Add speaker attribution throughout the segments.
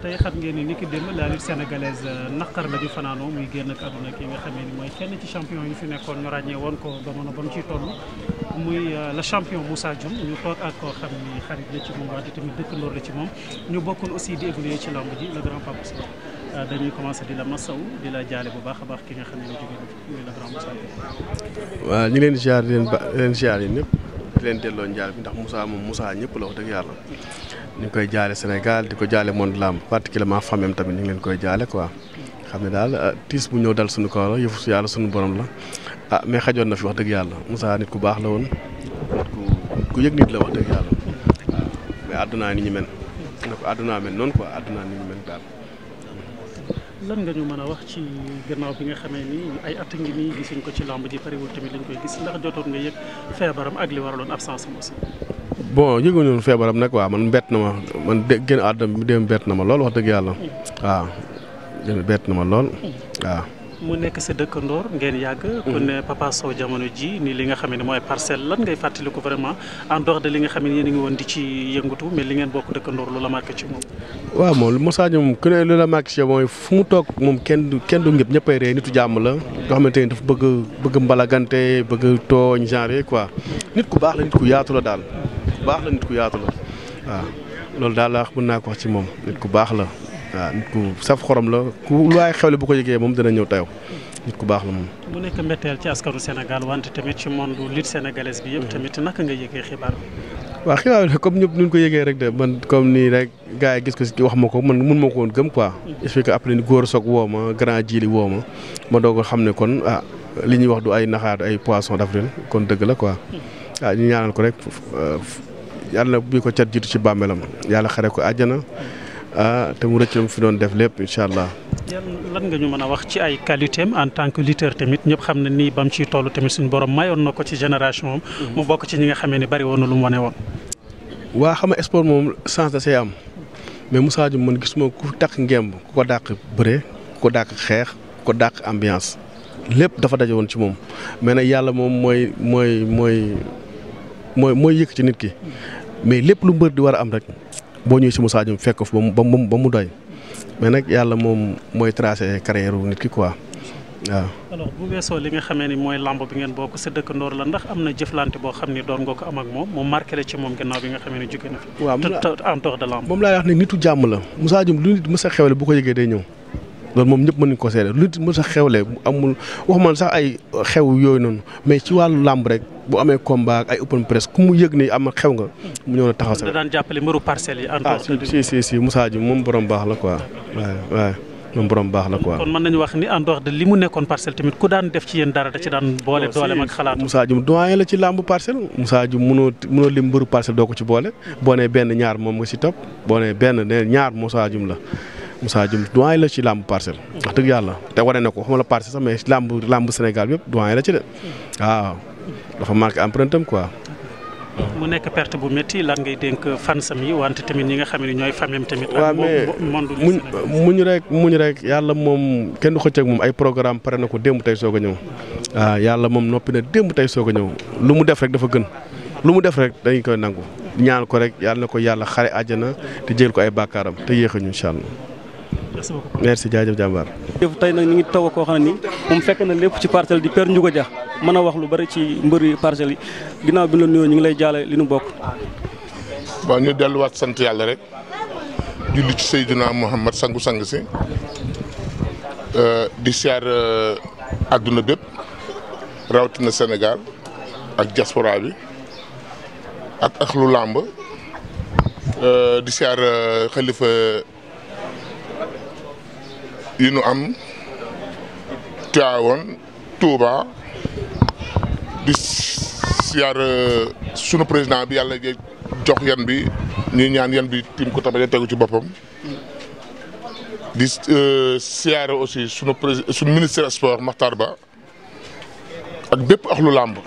Speaker 1: tey xam ngeen ni ni ki démb la lutte sénégalaise euh, naqar la fanaanoo muy génn ak àdduna ki nga xamee ni mooy kenn ci champion yi fi nekkoon ñu ràññee woon ko jamono ba mu ciy toll muy euh, le champion Moussa Dioum ñu toog ak ko xam ni xarit la ci moom wante tamit dëkkandoor la ci moom ñu bokkul aussi di évoluer ci lamb ji le grand papa Sow euh, dañuy commencé di la masaw di la jaale bu baax a baax ki nga xam ne ñu jógee muy le grand
Speaker 2: ñu leen ziar di leen ba leen ziar yi ñëpp di leen delloo moom Moussa ñëpp la wax yàlla. ñu ngi koy jaale Sénégal di ko jaale monde làmb particulièrement famem tamit ñu leen koy jaale ko xam ne daal euh, tiis bu ñëw dal suñu kaw la yëfu yàlla suñu borom la ah mais xajoon na fi wax dëgg yàlla Moussa nit ku baax la woon ku yëg nit la wax dëgg yàlla ah, mais àddunaa ni ñu mel na ko àddunaa mel noonu quoi àddunaa ni ñu mel
Speaker 1: lan nga ñu mën a wax ci gannaaw bi nga xamee ni ay at ngi nii gisuñ ko ci lamb ji pariwul tamit lañ koy gis ndax jotoon nga yëg feebaram ak li war waraloon absence am aussi
Speaker 2: bon yëguñu woon feebaram nag waa man bett na ma man de génn àdduna dem bett na ma lool wax dëgg yàlla. waaw génn bett na ma lool waaw.
Speaker 1: mu nekk sa dëkkandoor ngeen yàgg. ku ne Papa Sow jamono ji nii li nga xam ne mooy parcelle lan ngay fàttaliku vraiment en dox de li nga xam ne yéen a ngi woon di ci yëngatu mais li ngeen bokk dëkkandoor lu la marqué ci moom.
Speaker 2: waaw moom Moussa Diagne moom ku ne lu la marqué ci mooy fu mu toog moom kenn du kenn du ñëpp ñëppay ree nitu jàmm la. nga xamante ne dafa bëgg bëgg mbalagante bëgg tooñ quoi. nit baax la nit ku daal. ku baax la nit ku yaatu la waaw loolu daal laa mën naa ko wax ci moom nit ku baax la waaw nit ku saf xorom la ku lu waay xewle bu ko yëgee moom dina ñëw tayaw nit ku baax la moom.
Speaker 1: mu nekk mbetteel ci askaru Sénégal wante tamit ci monde lutte sénégalaise bi yëpp mm-hmm. tamit naka nga yëgee xibaar bi.
Speaker 2: waaw xibaar bi comme ñëpp ñu ko yëgee rek de man comme nii rek gars yi gis ko si wax ma ko man mun ma ko woon gëm quoi. expliqué mm-hmm. après woo ma grand jili woo ma ma xam ne kon ah li ñuy wax du ay naxaat ay poisson d'avril kon dëgg la mm-hmm. ah, ko euh, yàlla bu ko cat jiitu ci bàmmeelam yàlla xare ko àjjana ah, te mu rëcc fi doon def lépp incha allah.
Speaker 1: lan nga ñu mën a wax ci ay qualité en tant que lutteur tamit ñëpp xam na nii ba mu ciy toll tamit suñu borom mayoon na ko ci génération am. Mhm. mu bokk ci ñi nga xamee ne bari woon lu mu wane woon.
Speaker 2: waa xam nga sport moom chance da see am mais Moussa Dioum man gisuma ku takk ngemb ku ko dàq bëre ku ko dàq xeex ku ko dàq ambiance lépp dafa daje woon ci moom mais nag yàlla moom mooy mooy mooy mooy mooy ci nit ki. mais lépp lu mbër di war a am rek boo ñëwee si Moussa fekk ko fa ba mu ba mu doy mais nag yàlla moom mooy tracé carrière nit ki quoi waaw.
Speaker 1: alors bu weesoo li nga xamee ni mooy làmb bi ngeen bokk sa dëkk Ndoor la ndax am na jëflante boo xam ni doon nga ko am ak moom mu marqué la ci moom gannaaw bi nga xamee ni jóge na fi. waaw en dehors de làmb.
Speaker 2: moom laay wax ne nitu jàmm la Moussa Dioum lu nit mës a xewle bu ko yëgee day ñëw. loolu moom ñëpp mën nañu ko seede lu mu sax xewle amul waxuma sax ay xew yooyu noonu mais ci wàllu làmb rek bu amee combat ak ay open press ku mu yëg ni am xew nga mu ñëw na taxaw sax.
Speaker 1: da jàppale mbiru parcelles yi. ah
Speaker 2: si moom borom baax la quoi waaw waaw. baax la quoi. kon
Speaker 1: mën nañu wax ni en dehors li mu nekkoon parcelle tamit ku daan def ci yéen dara da ci daan boole dooleem ak xalaat.
Speaker 2: Moussa Dioum doyen la ci làmb parcel Moussa Dioum mënoo mënoo lim mbëru parcelle doo ko ci boole. boo nee benn ñaar moom nga si topp boo nee benn ñaar Moussa la Moussa Dioum la ci làmb parcelle. wax dëgg yàlla te wane na ko xamal la parcelle sax mais ci làmb làmb Sénégal yëpp doyen dafa marqué empreinte am quoi.
Speaker 1: mu nekk perte bu métti lan ngay dénk fansam yi wante tamit ñi nga xam ne ñooy famille tamit. waaw mu
Speaker 2: muñ muñ rek muñ rek yàlla moom kenn du xëcc moom ay programme pare na ko démb tey soog a ñëw. waaw yàlla moom noppi na démb tey soog a ñëw lu mu def rek dafa gën lu mu def rek dañ koy nangu ñaan ko rek yàlla na ko yàlla xare àjjana te jël ko ay bàkkaaram te yéex a allah merci beaucoup merci jaajëf jàmbaar.
Speaker 1: tey nag ñu ngi taw koo xam ne nii moom fekk na lépp ci parcelle di Père Ndiouga a wax lu bari ci mbër yi parcelles
Speaker 3: yi ginnaaw bi ñu ñu ngi lay jaale li ñu bokk. ñu delluwaat sant yàlla rek. julli ci Seydina Mouhamad sangu sang si. Euh, di siyaar euh, àdduna bépp rawatina Sénégal ak diaspora bi ak ak làmb euh, di siyaar xalifa yi nu am Tiwaawoon Touba di siyaar euh, sunu président bi yàlla jox yan bi ñuy ñaan yan bi tim ko tamit tegu ci boppam di euh, siyaare aussi sunu président sunu ministre sport Makhtar Ba ak bépp axlu làmb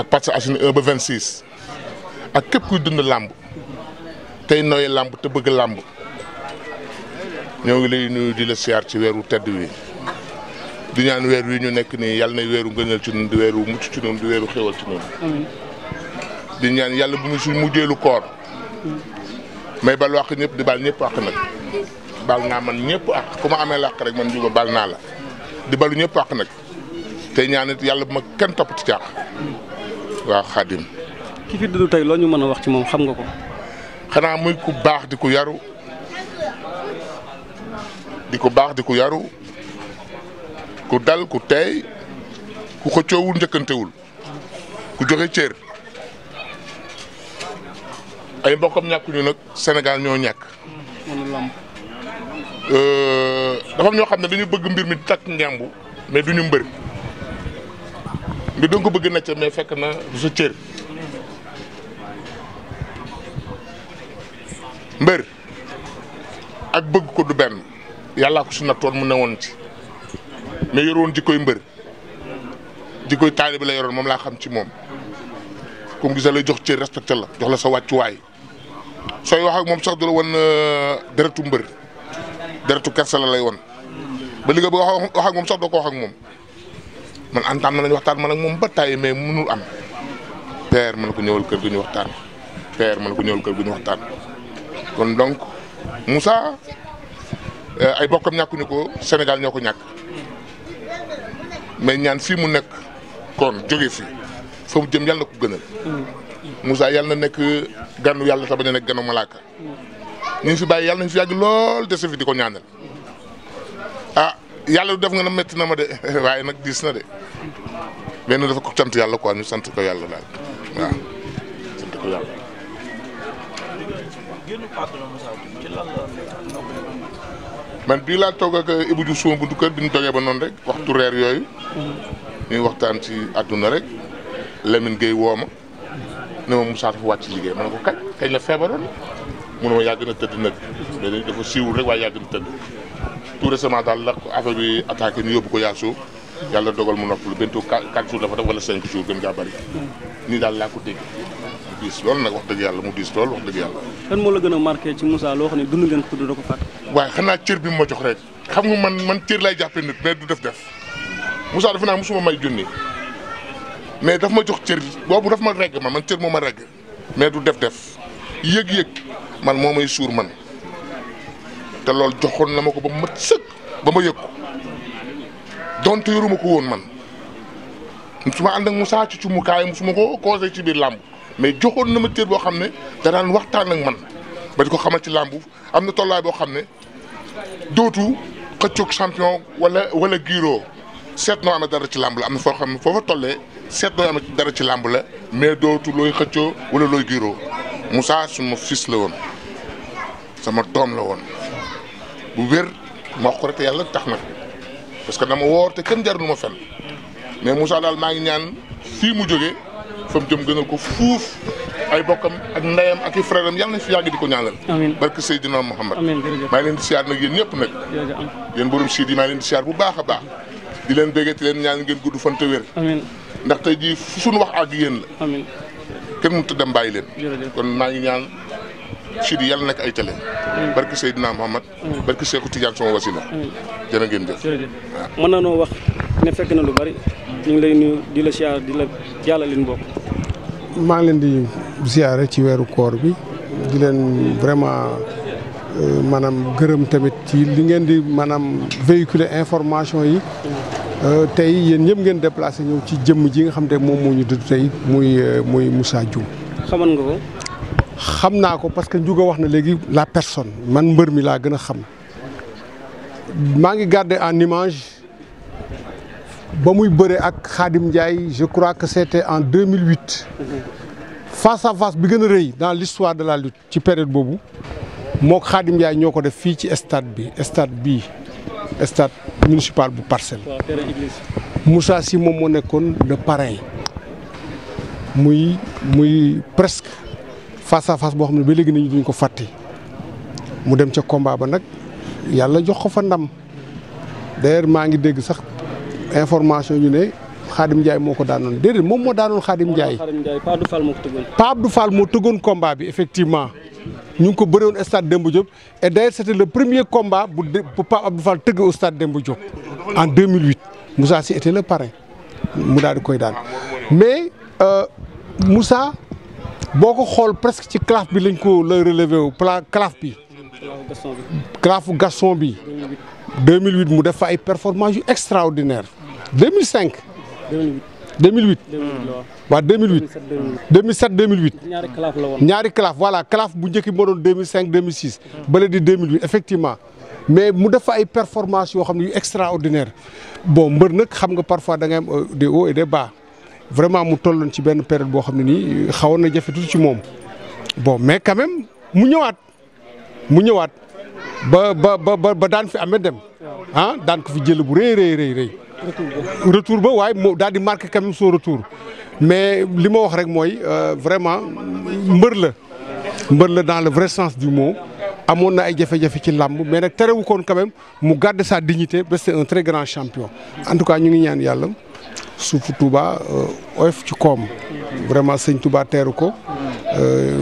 Speaker 3: ak Parcelles Assainies 1 ba 26 ak képp kuy dund làmb tey nooy làmb te bëgg làmb ñoo ngi lay nuyu di la siyaar ci weeru tedd wi di ñaan weer wii ñu nekk nii yàlla na weeru ngënal ci ñun di weeru mucc ci ñun di weeru xéwal ci ñun. di ñaan yàlla bu mu suñ mujjeelu koor. Mm. may bal wax ñëpp di bal ñëpp wàq nag bal naa man ñëpp àq ku ma amee làq rek man juba bal naa la di balu ñëpp àq nag tey ñaan it yàlla bu ma kenn toppati ci àq waaw xaadim ki fi dudd loo ñu mën a wax ci moom xam nga ko. xanaa muy ku baax di ku yaru. di ko baax di ko yaru ku dal ku teey ku xëccoowul njëkkantewul ku joxe cër ay mbokkam ñàkkuñu nag Sénégal ñoo ñàkk. Euh, dafa am ñoo xam ne dañu bëgg mbir mi takk njàmbu mais duñu mbër mbir danga ko bëgg necc mais fekk na du sa cër mbër ak bëgg ko du benn yàllaa ko su nattoon mu newoon ci mais yoroon di koy mbër di koy taalibe la yoroon moom laa xam ci moom comme gisa lay jox ci respecté la jox la sa wàccuwaay sooy wax ak moom sax du la woon euh, deretu mbër deretu kersa la lay woon ba li nga ba wax ak moom sax doo ko wax ak moom man antaam na lañu waxtaan man moom ba tàyyi mais mënul am père mën ko ñëwal kër gu ñu waxtaan père mën ko ñëwal kër gu ñu waxtaan kon donc Moussa Euh, ay bokkam ñàkkuñu ko Sénégal ñoo ko ñàkk mais ñaan fii mu nekk kon jóge fi fa mu jëm yàlla na ko gënal. musaa yàlla na nekk ganu yàlla ta ba ne nekk ganu malaaka ñu ngi fi bàyyi yàlla nañu fi yàgg lool dese fi di ko ñaanal ah yàlla def nga na metti na ma de waaye nag diis na de benn dafa ko sant yàlla ko ñu sant ko yàlla daal man bii laa toog ak eh, Ibou Diouf suma buntu kër bi ñu toogee ba noonu rek waxtu reer yooyu. Mm-hmm. ñuy waxtaan ci àdduna rek Lamine Gueye woo ma ne ma Moussa dafa wàcc liggéey ma ne ko kañ kañ la feebaroon mu ne ma yàgg na tëdd nag mais dafa siiwul rek waaye yàgg na tëdd tout récemment daal la affaire bi attaqué ñu yóbbu ko yaa suuf yàlla dogal mu noppalu benn 4 jours dafa def wala 5 jours gën gaa bëri mm-hmm. nii daal laa ko dégg. diis lool nag wax dëgg yàlla mu diis lool wax dëgg yàlla. kan moo la gën a marqué ci Moussa loo xam ne dund ngeen ko tudd da ko fàtte. waaye xanaa cër bi mu ma jox rek xam nga man man cër laay jàppee nit mais du def def Moussa dafa naa mosuma may junni mais daf ma jox cër boobu daf ma regg man man cër moo ma regg mais du def def yëg man moo may suur man te loolu joxoon na ma ko ba mu mat sëkk ba ma yëg ko donte yoruma ko woon man su ma ànd ak Moussa ci cumukaay mu su ma ko causé ci biir làmb mais joxoon na ma cër boo xam ne danaan waxtaan ak man ba ko xam xamal ci làmbu am na tollaay boo xam ne dootu xëcco champion wala wala giiroo seet noo amee dara ci làmb la am na foo xam ne foofa tollee seet noo amee dara ci làmbu la mais dootu looy xëccoo wala looy giiroo Moussa suma fils la woon sama doom la woon bu wér ma wax ko rek yàlla tax na parce que dama woor te kenn jarul ma fenn mais Moussa daal maa ngi ñaan fii mu jóge fa mu jëm gënal ko fuuf ay bokkam ak ndeyam ak i frère am na nañ fi di ko ñaanal. amiin barke Seydina Muhammad. amiin jërëjëf maa ngi leen di siyaar nag yéen ñëpp nag. yéen borom siid yi leen di siyaar bu baax a baax. di leen begee ti leen ñaan ngeen gudd fan te wér. ndax tey jii fu suñu wax ak yéen la. amiin kenn mënut a dem bàyyi leen. kon maa ngi ñaan siid yi yàlla nekk ay télé. barke Seydina Muhammad. ko Seexu Tijaan sama wasila. jërë ngeen jëf.
Speaker 1: jërëjëf mën na noo wax ne fekk na lu bari ñu ngi lay nuyu di la di la jàllale mbokk.
Speaker 4: maa ngi leen di siyaare ci weeru koor bi di leen vraiment euh, maanaam gërëm tamit ci li ngeen di maanaam véiculer information yi. Euh, tey yéen ñëpp ngeen déplacé ñëw ci jëmm ji nga xam te moom moo ñu dëdd tey muy euh, muy Moussa Dioum. xaman nga ko. xam naa ko parce que Ndiouga wax na léegi la personne man mbër mi laa gën a xam maa ngi gàdde en image. ba muy bëre ak Khadim Ndiaye je crois que c' était en 2008 face à face bi gën a rëy dans l'histoire de la lutte ci période boobu moo Khadim Ndiaye ñoo ko def fii ci stade bi stade bii stade municipal bu parcelle Moussa Sy moom moo nekkoon le parrain muy muy presque face à face boo xam ne ba léegi nañu duñ ko fàtte mu dem ca combat ba nag yàlla jox ko fa ndam d'ailleurs maa ngi dégg sax information ñu ne Khadim Ndiaye moo ko daanoon déedéet moom moo daanoon Khadim Ndiaye.
Speaker 1: Pape Abdou Fall moo
Speaker 4: ko tëggoon. Pape bi effectivement ñu ngi ko bëre woon stade Demba Diop et d'ailleurs c'était le premier combat bu bu Pape Abdou Fall tëgg stade Demba Diop en 2008 Moussa Sy était le parrain mu daal di koy daan mais euh, Moussa boo ko xool presque ci claf bi lañ ko la relevé wu plan claf bi. clafu Gaston bi. mu def fa ay performances yu extraordinaire 2005. 2008 2008. 2008 waaw 2008. 2007 2008.
Speaker 1: ñaari calaf la woon ñaari
Speaker 4: calaf voilà calaf bu njëkk moo doon 2005 2006. bële di 2008 effectivement. mais mu def ay performance yoo xam ne yu extraordinaire bo mbër nag xam nga parfois da ngay am euh, des hauts et des bas vraiment mu tolloon ci benn période boo xam ne nii euh, xawoon na jafe tuuti ci moom. bo mais quand mu ñëwaat mu ñëwaat ba ba ba ba daan fi ame dem ah daan ko fi jële bu rëy rëy rëy rëy. retour ba waaye moo daal di marqué quand soo son retour mais li ma wax rek mooy euh, vraiment mbër la mbër la dans le vrai sens du mot amoon na ay jafe-jafe ci làmb mais nag terewu koon quand mu garde sa dignité parce que c'est un très grand champion en tout cas ñu ngi ñaan yàlla suufu Touba euh, oyof ci koom vraiment sëñ Touba teeru ko euh,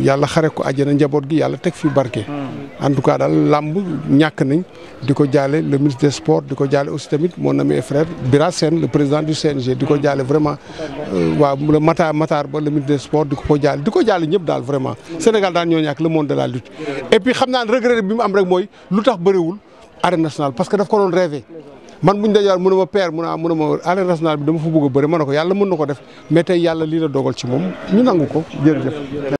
Speaker 4: yàlla xare ko àjjana njaboot gi yàlla teg fi barke en tout cas daal làmb ñàkk nañ di ko jaale le ministre des sports di ko jaale aussi tamit mon ami et frère Bira Sène le président du CNG di ko jaale vraiment euh, waaw le Matar Matar ba le ministre des sports di ko jaale ñëpp daal vraiment Sénégal daal ñoo ñàkk le monde de la lutte et puis xam naa ne bi mu am rek mooy lu tax bëriwul arène nationale parce que daf ko doon rêvé man buñ dajowaar mën a ma père mën a mën bi dama fa bëgg a bëri ma na ko def mais tey yàlla moom ñu